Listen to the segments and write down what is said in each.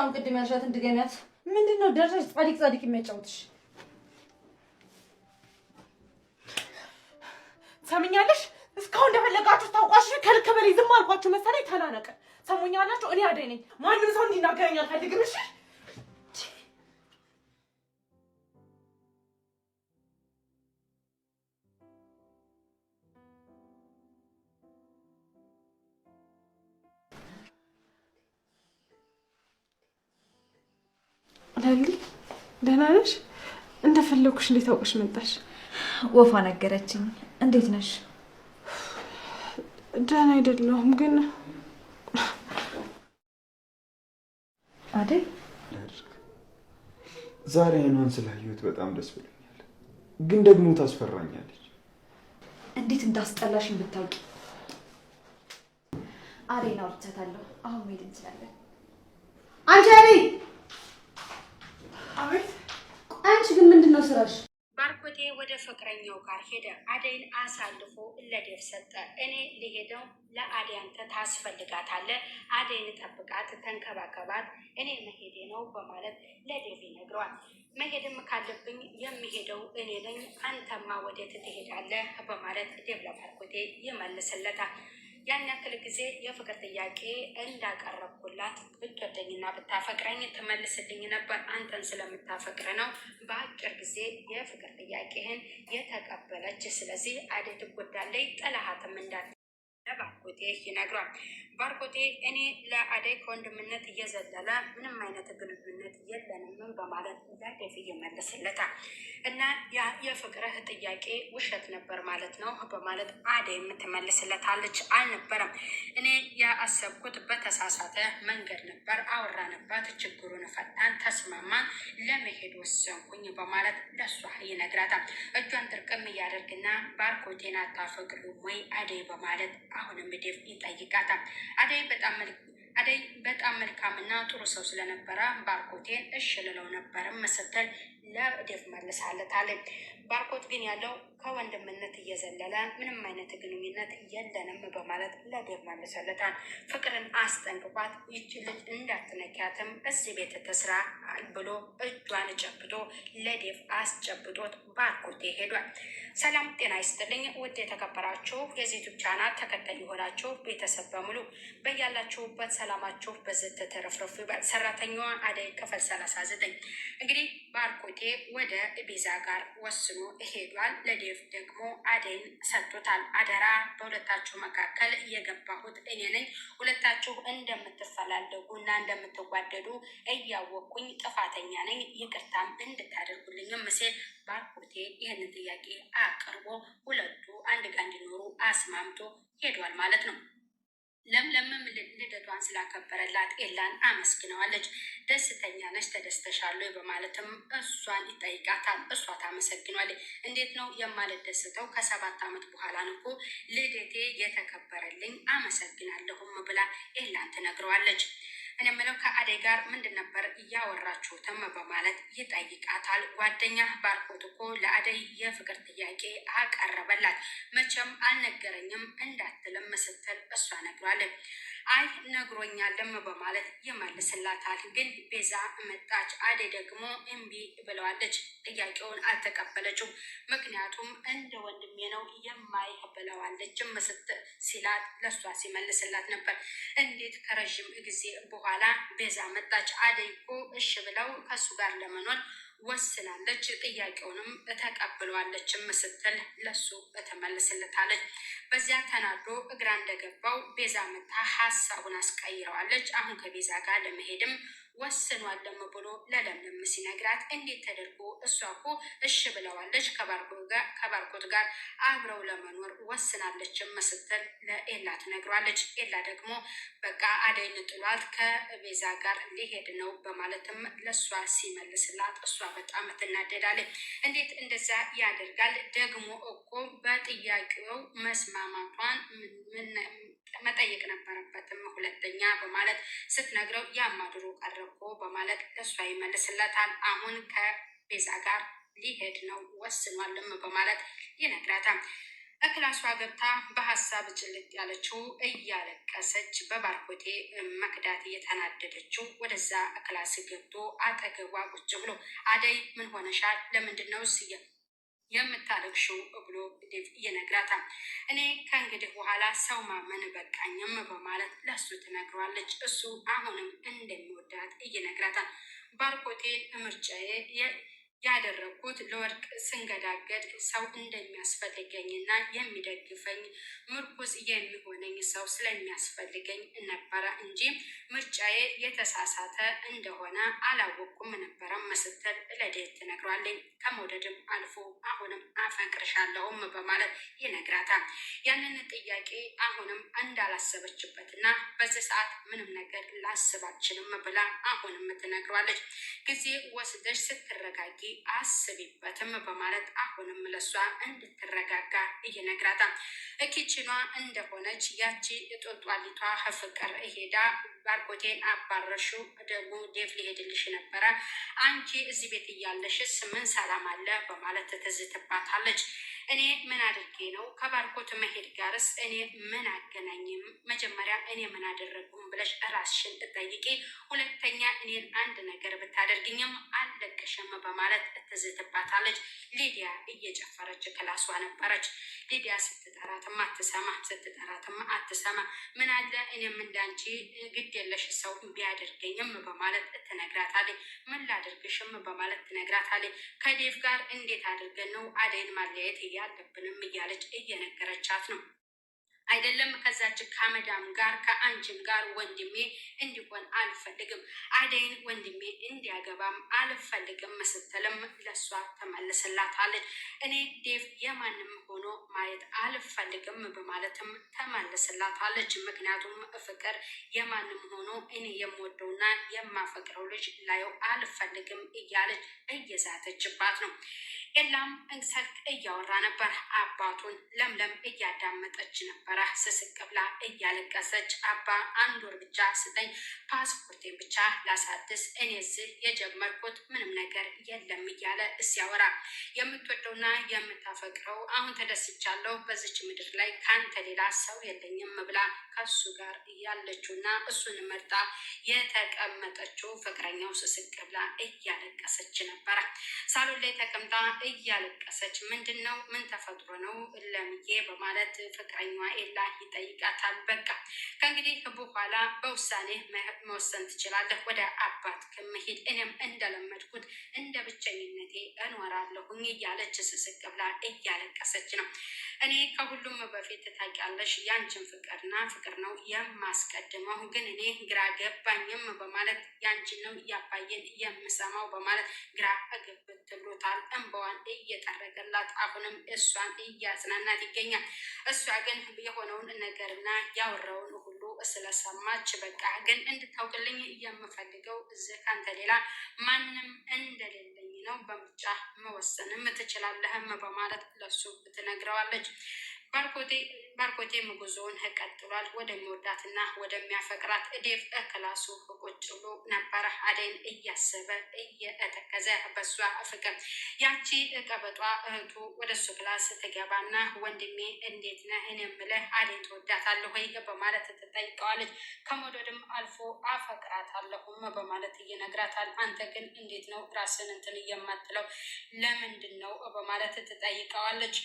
አሁን ቅድም ያልሻትን ድገሚያት። ምንድን ነው ጻድቅ ጻድቅ ጻዲቅ የሚያጫውትሽ ሰምኛለሽ። እስካሁን እንደፈለጋችሁ ታውቋሽ። ከልክ በላይ ዝም አልኳችሁ መሰለኝ። ተናነቀ ሰሙኛላችሁ። እኔ አደይ ነኝ። ማንም ሰው እንዲናገረኝ አልፈልግም። እሺ ሄሊ ደህና ነሽ? እንደፈለኩሽ እንዴት መጣሽ? ወፋ ነገረችኝ። እንዴት ነሽ? ደህና አይደለሁም ግን አደይ ዛሬ አይኗን ስላየሁት በጣም ደስ ብሎኛል። ግን ደግሞ ታስፈራኛለች። እንዴት እንዳስጠላሽኝ ብታውቂ። አደይን አውርቻታለሁ። አሁን መሄድ እንችላለን። አንቺ አሬ ስራሽ? ባርኮቴ ወደ ፍቅረኛው ጋር ሄደ። አደይን አሳልፎ ለዴቭ ሰጠ። እኔ ሊሄደው ለአደይ አንተ ታስፈልጋታለህ፣ አደይን ጠብቃት፣ ተንከባከባት፣ እኔ መሄዴ ነው በማለት ለዴቭ ይነግረዋል። መሄድም ካለብኝ የሚሄደው እኔ ነኝ፣ አንተማ ወዴት ትሄዳለህ? በማለት ዴቭ ለባርኮቴ ይመልስለታል። ያን ያክል ጊዜ የፍቅር ጥያቄ እንዳቀረብኩላት ብትወደኝና ብታፈቅረኝ ትመልስልኝ ነበር። አንተን ስለምታፈቅር ነው በአጭር ጊዜ የፍቅር ጥያቄህን የተቀበለች። ስለዚህ አደይ ትጎዳለች፣ ጥላሃትም እንዳት ባርኮቴ ይነግሯል። ባርኮቴ እኔ ለአደይ ከወንድምነት እየዘለለ ምንም አይነት ግንኙነት የለንም በማለት ዳዴፍ እየመለስለታል እና የፍቅርህ ጥያቄ ውሸት ነበር ማለት ነው በማለት አደይ የምትመልስለታለች። አልነበረም እኔ ያሰብኩት በተሳሳተ መንገድ ነበር፣ አወራንበት፣ ችግሩን ፈታን፣ ተስማማን ለመሄድ ወሰንኩኝ በማለት ለሷ ይነግራታል። እጇን ጥርቅም እያደርግና ባርኮቴን አታፈቅሪውም ወይ አደይ በማለት አሁንም ዴቭ ይጠይቃታል። አደይ በጣም አደይ በጣም መልካምና ጥሩ ሰው ስለነበረ ባርኮቴን እሽልለው ልለው ነበርም ስትል ለዴቭ መልሳለታለች። ባርኮት ግን ያለው ከወንድምነት እየዘለለ ምንም አይነት ግንኙነት የለንም በማለት ለዴቭ መልሶለታል። ፍቅርን አስጠንቅቋት ይቺ ልጅ እንዳትነኪያትም እዚህ ቤት ተስራ ብሎ እጇን ጨብጦ ለዴፍ አስጨብጦት ባርኮቴ ሄዷል። ሰላም ጤና ይስጥልኝ ውድ የተከበራችሁ የዚቱብ ዩቱብ ቻናል ተከታይ የሆናችሁ ቤተሰብ በሙሉ በያላችሁበት ሰላማችሁ በዝት ተረፍረፉ ይባል። ሰራተኛዋ አደይ ክፍል ሰላሳ ዘጠኝ እንግዲህ ባርኮቴ ወደ ቤዛ ጋር ወስኖ ሄዷል ለዴቭ ዮሴፍ ደግሞ አደይን ሰጥቶታል። አደራ በሁለታችሁ መካከል እየገባሁት እኔ ነኝ። ሁለታችሁ እንደምትፈላለጉ እና እንደምትጓደዱ እያወቅኩኝ ጥፋተኛ ነኝ። ይቅርታም እንድታደርጉልኝም ምስል ባርኮቴ ይህንን ጥያቄ አቅርቦ ሁለቱ አንድ ጋር እንዲኖሩ አስማምቶ ሄዷል ማለት ነው። ለምለምም ልደቷን ስላከበረላት ኤላን አመስግነዋለች። ደስተኛ ነች ተደስተሻሉ በማለትም እሷን ይጠይቃታል። እሷ ታመሰግኗለች። እንዴት ነው የማልደስተው? ከሰባት ዓመት በኋላ ንኮ ልደቴ የተከበረልኝ አመሰግናለሁም ብላ ኤላን ትነግረዋለች። እኔ የምለው ከአደይ ጋር ምንድን ነበር እያወራችሁትም በማለት ይጠይቃታል። ጓደኛ ባርኮት እኮ ለአደይ የፍቅር ጥያቄ አቀረበላት። መቼም አልነገረኝም እንዳትልም ስትል እሷ ነግሯለ። አይ ነግሮኛልም በማለት ይመልስላታል። ግን ቤዛ መጣች። አዴ ደግሞ እምቢ ብለዋለች። ጥያቄውን አልተቀበለችም። ምክንያቱም እንደ ወንድሜ ነው የማይ ብለዋለችም ምስት ሲላት ለሷ ሲመልስላት ነበር። እንዴት ከረዥም ጊዜ በኋላ ቤዛ መጣች። አደይ እኮ ብለው ከሱ ጋር ለመኖር ወስናለች። ጥያቄውንም ተቀብለዋለችም ስትል ለሱ ተመልስለታለች። በዚያ ተናዶ እግራ እንደገባው ቤዛ መታ ሀሳቡን አስቀይረዋለች። አሁን ከቤዛ ጋር ለመሄድም ወስኗል ብሎ ለለምለም ሲነግራት እንዴት ተደርጎ እሷ እኮ እሽ ብለዋለች ከባርኮት ጋር አብረው ለመኖር ወስናለች ስትል ለኤላ ትነግሯለች። ኤላ ደግሞ በቃ አደይን ጥሏት ከቤዛ ጋር ሊሄድ ነው በማለትም ለእሷ ሲመልስላት እሷ በጣም ትናደዳለች። እንዴት እንደዛ ያደርጋል ደግሞ እኮ በጥያቄው መስማማቷን መጠየቅ ነበረበትም ሁለተኛ በማለት ስትነግረው ያማድሮ ቀረ እኮ በማለት ለእሷ ይመልስለታል። አሁን ከቤዛ ጋር ሊሄድ ነው ወስኗልም በማለት ይነግራታል። እክላሷ ገብታ በሀሳብ ጭልጥ ያለችው እያለቀሰች በባርኮቴ መክዳት እየተናደደችው ወደዛ ክላስ ገብቶ አጠገቧ ቁጭ ብሎ አደይ ምን ሆነሻል? ለምንድን ነው የምታረግሽው ብሎ ይነግራታል። እኔ ከእንግዲህ በኋላ ሰው ማመን በቃኝም በማለት ለሱ ትነግሯለች። እሱ አሁንም እንደሚወዳት ይነግራታል። ባርኮቴን ምርጫዬ ያደረግኩት ለወርቅ ስንገዳገድ ሰው እንደሚያስፈልገኝና የሚደግፈኝ ምርኩዝ የሚሆነኝ ሰው ስለሚያስፈልገኝ ነበረ እንጂ ምርጫዬ የተሳሳተ እንደሆነ አላወቅኩም ነበረ መስተል ለዴት ትነግሯለኝ። ከመውደድም አልፎ አሁንም አፈቅርሻለሁም በማለት ይነግራታል። ያንን ጥያቄ አሁንም እንዳላሰበችበትና በዚህ ሰዓት ምንም ነገር ላስባችንም ብላ አሁንም ትነግሯለች። ጊዜ ወስደሽ ስትረጋጊ አስቢበትም በማለት አሁንም ለሷ እንድትረጋጋ እየነግራታ እኪችኗ እንደሆነች ያቺ ጦጧሊቷ ፍቅር ሄዳ ባርኮቴን አባረሹ ደግሞ ዴቭ ሊሄድልሽ ነበረ አንቺ እዚህ ቤት እያለሽስ ምን ሰላም አለ በማለት ትዝትባታለች። እኔ ምን አድርጌ ነው ከባርኮት መሄድ ጋርስ እኔ ምን አገናኝም? መጀመሪያ እኔ ምን አደረግኩም ብለሽ ራስሽን እጠይቂ። ሁለተኛ እኔን አንድ ነገር ብታደርግኝም አልለቅሽም በማለት እትዝትባታለች። ሊዲያ እየጨፈረች ክላሷ ነበረች። ሊዲያ ስትጠራትም አትሰማ፣ ስትጠራትም አትሰማ። ምን አለ እኔም እንዳንቺ ግድ የለሽ ሰው ቢያደርገኝም በማለት እትነግራታለች። ምን ላደርግሽም በማለት ትነግራታለች። ከዴፍ ጋር እንዴት አድርገን ነው አደይን ማለያየት አልገብንም እያለች እየነገረቻት ነው። አይደለም ከዛች ከመዳም ጋር ከአንቺም ጋር ወንድሜ እንዲሆን አልፈልግም፣ አደይን ወንድሜ እንዲያገባም አልፈልግም ስትልም ለሷ ተመልስላታለች። እኔ ዴቭ የማንም ሆኖ ማየት አልፈልግም በማለትም ተመልስላታለች። ምክንያቱም ፍቅር የማንም ሆኖ እኔ የምወደውና የማፈቅረው ልጅ ላየው አልፈልግም እያለች እየዛተችባት ነው። ኤላም እንሰልክ እያወራ ነበር። አባቱን ለምለም እያዳመጠች ነበረ። ስስቅ ብላ እያለቀሰች አባ አንድ ወር ብቻ ስጠኝ፣ ፓስፖርቴን ብቻ ላሳድስ፣ እኔ እዚህ የጀመርኩት ምንም ነገር የለም እያለ ሲያወራ የምትወደውና የምታፈቅረው አሁን ተደስቻለሁ፣ በዚች ምድር ላይ ከአንተ ሌላ ሰው የለኝም ብላ ከሱ ጋር እያለችውና እሱን መርጣ የተቀመጠችው ፍቅረኛው ስስቅ ብላ እያለቀሰች ነበረ። ሳሎን ላይ ተቀምጣ እያለቀሰች ምንድን ነው ምን ተፈጥሮ ነው ለምዬ በማለት ፍቅረኛ ኤላ ይጠይቃታል። በቃ ከእንግዲህ በኋላ በውሳኔ መወሰን ትችላለህ፣ ወደ አባት ከመሄድ እኔም እንደለመድኩት እንደ ብቸኝነቴ እኖራለሁኝ እያለች ስስቅ ብላ እያለቀሰች ነው። እኔ ከሁሉም በፊት ታውቂያለሽ፣ ያንቺን ፍቅርና ፍቅር ነው የማስቀድመው፣ ግን እኔ ግራ ገባኝም በማለት ያንቺንም ያባየን የምሰማው በማለት ግራ ግብት ብሎታል። እንበዋን እየጠረገላት አሁንም እሷን እያጽናናት ይገኛል። እሷ ግን የሆነውን ነገርና ያወራውን ሁሉ ስለሰማች በቃ ግን እንድታውቅልኝ የምፈልገው እዚህ ካንተ ሌላ ማንም እንደሌለኝ ነው፣ በምርጫ መወሰንም ትችላለህም በማለት ለሱ ትነግረዋለች ባርኮቴ ባርኮቴ ጉዞውን ቀጥሏል። ወደሚወዳትና ወደሚያፈቅራት እዴፍ ክላሱ ቁጭ ብሎ ነበረ። አደይን እያሰበ እየተከዘ በሷ ፍቅር ያቺ ቀበጧ እህቱ ወደሱ ክላስ ትገባና ወንድሜ እንዴት ነ እኔ ምለ አደይን ትወዳታለህ ወይ በማለት ትጠይቀዋለች። ከመውደድም አልፎ አፈቅራታለሁም በማለት እየነግራታል። አንተ ግን እንዴት ነው ራስን እንትን የማትለው ለምንድን ነው በማለት ትጠይቀዋለች።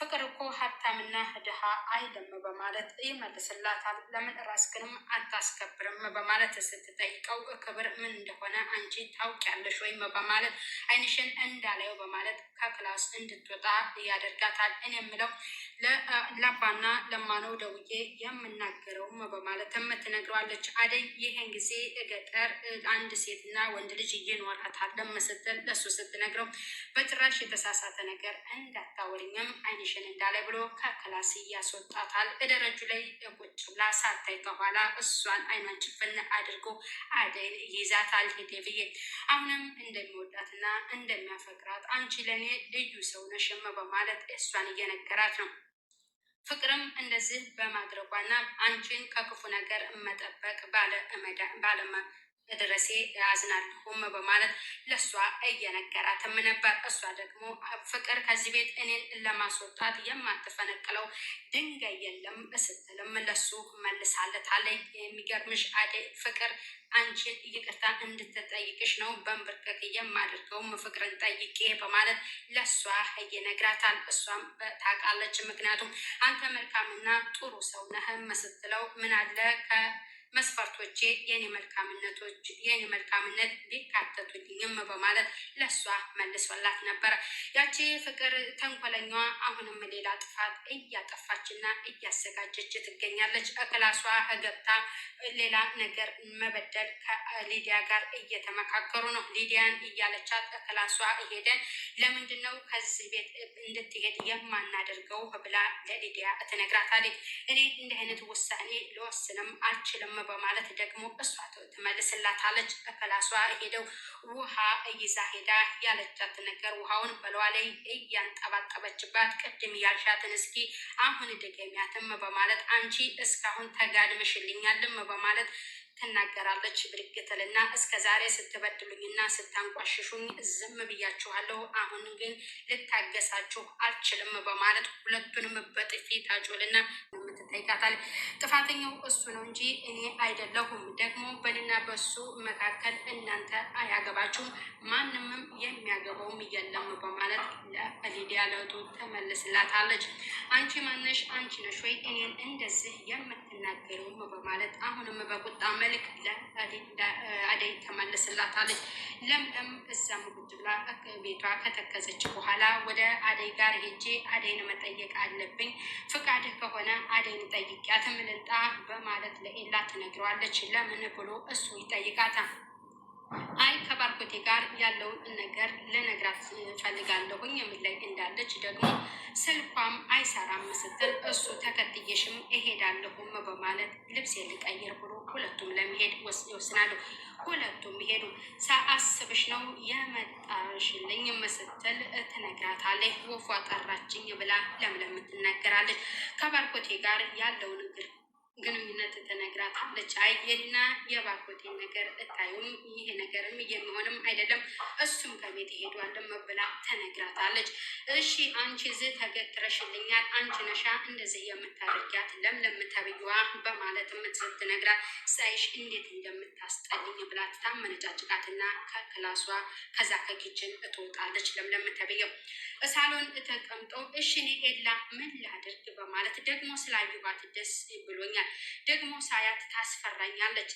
ፍቅር እኮ ሀብታምና ድሃ አይለም በማለት ይመልስላታል። ለምን ራስህንም አታስከብርም በማለት ስትጠይቀው ክብር ምን እንደሆነ አንቺ ታውቂያለሽ ወይም በማለት አይንሽን እንዳላየው በማለት ከክላስ እንድትወጣ ያደርጋታል። እኔ የምለው ለአባና ለማነው ደውዬ የምናገረውም በማለትም ትነግረዋለች። አደይ ይህን ጊዜ ገጠር አንድ ሴትና ወንድ ልጅ እየኖራታል ስትል ለሱ ስትነግረው በጭራሽ የተሳሳተ ነገር እንዳታወልኝም አይነ ቴንሽን እንዳለ ብሎ ከክላስ እያስወጣታል። በደረጁ ላይ ቁጭ ብላ ሳታይ ከኋላ እሷን አይኗን ጭፍን አድርጎ አደይን ይይዛታል። ሄደ ብዬ አሁንም እንደሚወዳትና እንደሚያፈቅራት አንቺ ለእኔ ልዩ ሰው ነሽም በማለት እሷን እየነገራት ነው። ፍቅርም እንደዚህ በማድረጓና አንቺን ከክፉ ነገር መጠበቅ ባለመ ለደረሴ አዝናለሁ በማለት ለእሷ እየነገራትም ነበር። እሷ ደግሞ ፍቅር ከዚህ ቤት እኔን ለማስወጣት የማትፈነቅለው ድንጋይ የለም ስትልም ለሱ መልሳለታለች። የሚገርምሽ አደይ ፍቅር አንቺን ይቅርታ እንድትጠይቅሽ ነው በንብርቅቅ የማደርገውም ፍቅርን ጠይቄ በማለት ለእሷ እየነግራታል። እሷም ታውቃለች። ምክንያቱም አንተ መልካምና ጥሩ ሰው ነህ ስትለው ምን አለ መስፈርቶቼ የኔ መልካምነቶች የኔ መልካምነት ሊካተቱልኝም በማለት ለእሷ መልሶላት ነበር ያቺ ፍቅር ተንኮለኛዋ አሁንም ሌላ ጥፋት እያጠፋችና እያዘጋጀች ትገኛለች። እክላሷ ገብታ ሌላ ነገር መበደል ከሊዲያ ጋር እየተመካከሩ ነው። ሊዲያን እያለቻት እክላሷ ሄደን ለምንድን ነው ከዚህ ቤት እንድትሄድ የማናደርገው ብላ ለሊዲያ ትነግራታለች። እኔ እንዲህ አይነት ውሳኔ ልወስንም አልችልም በማለት ደግሞ እሷ ትመልስላታለች። ከከላሷ ሄደው ውሃ እይዛ ሄዳ ያለቻት ነገር ውሃውን በሏ ላይ እያንጠባጠበችባት ቅድም ያልሻትን እስኪ አሁን ደገሚያትም በማለት አንቺ እስካሁን ተጋድመሽልኛልም በማለት ትናገራለች ብድግትል እና እስከ ዛሬ ስትበድሉኝና ስታንቋሽሹኝ ዝም ብያችኋለሁ። አሁን ግን ልታገሳችሁ አልችልም በማለት ሁለቱንም በጥፊ ታጮልና የምትጠይቃታል። ጥፋተኛው እሱ ነው እንጂ እኔ አይደለሁም። ደግሞ በእኔና በሱ መካከል እናንተ አያገባችሁም፣ ማንምም የሚያገባውም የለም በማለት ለሊዲያ ለቱ ተመልስላታለች። አንቺ ማነሽ? አንቺ ነሽ ወይ እኔን እንደዚህ የምትናገረውም በማለት አሁንም በቁጣ መልክ አደይ ተመለስላታለች። ለምለም እዛም ቁጭ ብላ ቤቷ ከተከዘች በኋላ ወደ አደይ ጋር ሄጄ አደይን መጠየቅ አለብኝ፣ ፍቃድህ ከሆነ አደይን ጠይቂያት ምልጣ በማለት ለኤላ ትነግረዋለች። ለምን ብሎ እሱ ይጠይቃታል። አይ ከባርኮቴ ጋር ያለውን ነገር ልነግራት ፈልጋለሁኝ የሚል ላይ እንዳለች ደግሞ ስልኳም አይሰራም ስትል እሱ ተከትዬሽም እሄዳለሁም በማለት ልብስ ልቀይር ብሎ ሁለቱም ለመሄድ ይወስናሉ። ሁለቱም ሄዱ ሳአስብሽ ነው የመጣሽልኝ ስትል ትነግራታለች። ወፏ ጠራችኝ ብላ ለምለም ትናገራለች። ከባርኮቴ ጋር ያለውን ግንኙነት ትነግራታለች። አየና የባኮቴ ነገር እታዩም ይሄ ነገርም የሚሆንም አይደለም፣ እሱም ከቤት ሄዷልም ብላ ተነግራታለች። እሺ አንቺ ዝ ተገትረሽልኛል፣ አንቺ ነሻ እንደዚህ የምታደርጊያት ለምለም ተብዬዋ በማለት ስትነግራት ሳይሽ እንዴት እንደምታስጠልኝ ብላ ትታመነጫጭቃትና ከክላሷ ከዛ ከኪችን እትወጣለች። ለምለም ተብዬው ሳሎን እተቀምጦ እሽኔ እኔ ኤላ ምን ላድርግ በማለት ደግሞ ስላዩባት ደስ ብሎኛል ደግሞ ሳያት ታስፈራኛለች፣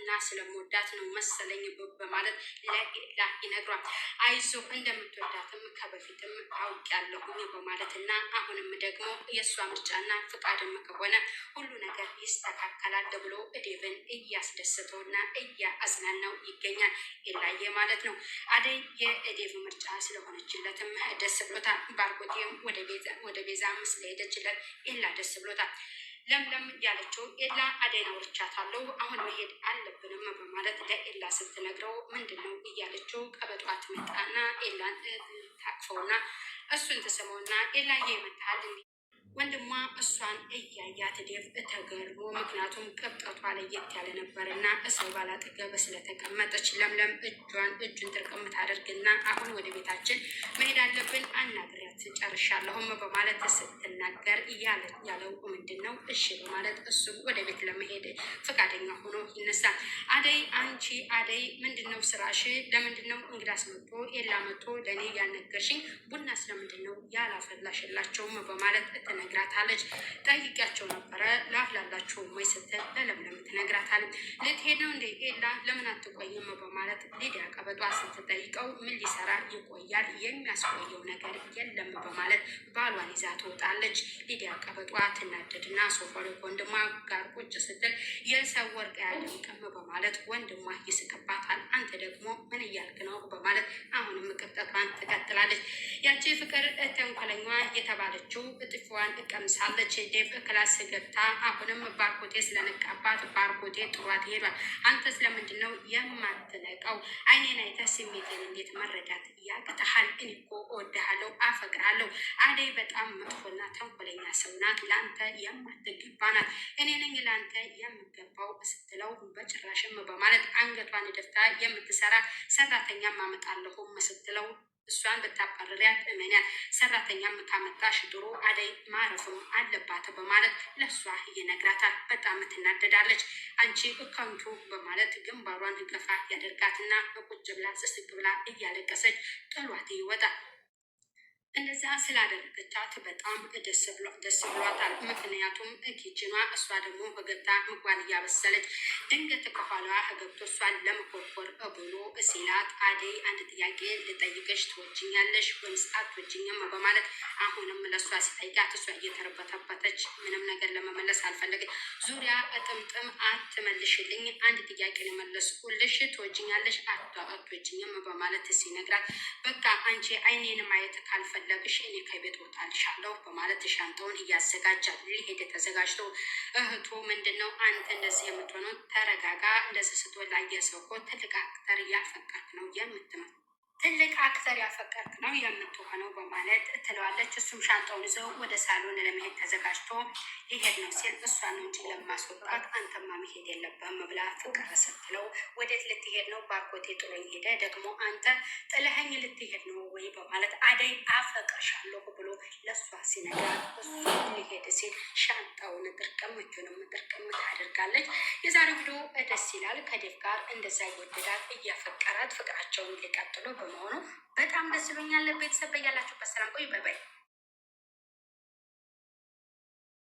እና ስለምወዳት ነው መሰለኝ በማለት ለኢላ ይነግሯል። አይዞ እንደምትወዳትም ከበፊትም አውቄያለሁኝ በማለት እና አሁንም ደግሞ የእሷ ምርጫና ፍቃድም ከሆነ ሁሉ ነገር ይስተካከላል ብሎ እያስደሰተው እያስደሰተውና እያአዝናናው ይገኛል። ኢላዬ ማለት ነው። አደይ የእዴብ ምርጫ ስለሆነችለትም ደስ ብሎታል። ባርኮቴም ወደ ቤዛ ስለሄደችለት ኤላ ደስ ብሎታል። ለምለም ያለችው ኤላ አደይ አውርቻታለሁ፣ አሁን መሄድ አለብንም በማለት ለኤላ ስትነግረው ምንድን ነው እያለችው ቀበጧ ትመጣና ኤላን ታቅፈውና እሱን ትስመውና ኤላ የመጣል ወንድሟ እሷን እያያት ዴቭ ተገርቦ፣ ምክንያቱም ቅብጠቷ ለየት ያለ ነበር እና እሰው ባላጠገብ ስለተቀመጠች ለምለም እጇን እጁን ጥርቅም ታደርግና አሁን ወደ ቤታችን መሄድ አለብን አናግሪያት ጨርሻለሁም በማለት ስትናገር ያለው ምንድን ነው እሺ በማለት እሱ ወደ ቤት ለመሄድ ፈቃደኛ ሆኖ ይነሳል። አደይ አንቺ አደይ ምንድን ነው ስራሽ? ለምንድን ነው እንግዳስ መጥቶ የላ መጥቶ ለእኔ ያልነገርሽኝ? ቡናስ ለምንድን ነው ያላፈላሽላቸውም? በማለት ትነግራታለች። ጠይቂያቸው ነበረ ላፍላላቸው ማይሰተ ለለምለም ትነግራታለች። ልትሄድ ነው እንደ ኤላ ለምን አትቆይም በማለት ሊዲያ ቀበጧ ስትጠይቀው ምን ሊሰራ ይቆያል የሚያስቆየው ነገር የለም በማለት ባሏን ይዛ ትወጣለች። ሊዲያ ቀበጧ ትናደድና ሶፋ ላይ ወንድሟ ጋር ቁጭ ስትል የሰው ወርቅ ያደምቅም በማለት ወንድማ ይስቅባታል። አንተ ደግሞ ምን እያልክ ነው በማለት አሁንም ቅብጠቷን ትቀጥላለች። ያቺ ፍቅር ተንኮለኛ የተባለችው እጥፊዋን ቡናዋን ትቀምሳለች። ዴቭ ክላስ ገብታ አሁንም ባርኮቴ ስለነቃባት ባርኮቴ ጥሯት ሄዷል። አንተ ስለምንድን ነው የማትነቀው? አይኔን አይተህ ስሜቴን እንዴት መረዳት ያቅተሃል? እኔ እኮ እወድሃለሁ፣ አፈቅርሃለሁ። አደይ በጣም መጥፎና ተንኮለኛ ሰው ናት። ለአንተ የማትገባ ናት። እኔ ነኝ ለአንተ የምገባው ስትለው በጭራሽም በማለት አንገቷን ደፍታ የምትሰራ ሰራተኛ ማመጣለሁ ስትለው እሷን ብታባረሪያት እመንያት ሰራተኛ ምታመጣሽ ድሮ አደይ ማረፍም አለባት በማለት ለእሷ ይነግራታል። በጣም ትናደዳለች። አንቺ እከንቱ በማለት ግንባሯን ገፋ ያደርጋትና በቁጭ ብላ ስስግ ብላ እያለቀሰች ጥሏት ይወጣል። እንደዛ ስላደረገቻት በጣም ደስ ብሏታል። ምክንያቱም ኪችኗ እሷ ደግሞ ገብታ ምግቧን እያበሰለች ድንገት ከኋላዋ ገብቶ እሷን ለመኮርኮር ብሎ ሲላት አደይ አንድ ጥያቄ ልጠይቅሽ ትወጅኛለሽ ወይስ አትወጅኝም? በማለት አሁንም ለእሷ ሲጠይቃት እሷ እየተረበተበተች ምንም ነገር ለመመለስ አልፈለገች። ዙሪያ ጥምጥም አትመልሽልኝ፣ አንድ ጥያቄ ልመለስኩልሽ፣ ትወጅኛለሽ አትወጅኝም? በማለት ሲነግራት በቃ አንቺ አይኔን ማየት ካልፈ ከፈለግሽ እኔ ከቤት ወጣልሻለሁ በማለት ሻንጣውን እያዘጋጃል። ሊሄድ ተዘጋጅቶ እህቱ ምንድን ነው አንተ እንደዚህ የምትሆነው? ተረጋጋ። እንደዚህ ስትወላየ የሰው እኮ ትልቅ አክተር እያፈቀርክ ነው የምትመ ትልቅ አክተር ያፈቀርክ ነው የምትሆነው በማለት ትለዋለች። እሱም ሻንጣውን ይዘው ወደ ሳሎን ለመሄድ ተዘጋጅቶ ይሄድ ነው ሲል እሷን እንጂ ለማስወጣት አንተማ መሄድ የለብህም ብላ ፍቅር ስትለው ወዴት ልትሄድ ነው? ባርኮቴ ጥሎኝ ሄደ፣ ደግሞ አንተ ጥለኸኝ ልትሄድ ነው ወይ? በማለት አደይ አፈቅርሻለሁ ብሎ ለእሷ ሲነገር እሱ ሊሄድ ሲል ሻንጣውን ጥርቅም እጁንም ጥርቅም ታደርጋለች። የዛሬው ቪዲዮ ደስ ይላል። ከዴፍ ጋር እንደዛ ይወደዳት እያፈቀራት ፍቅራቸውን ሊቀጥሉ በመሆኑ በጣም ደስ ብሎኛል። ቤተሰብ በያላችሁበት ሰላም ቆዩ። ባይ ባይ።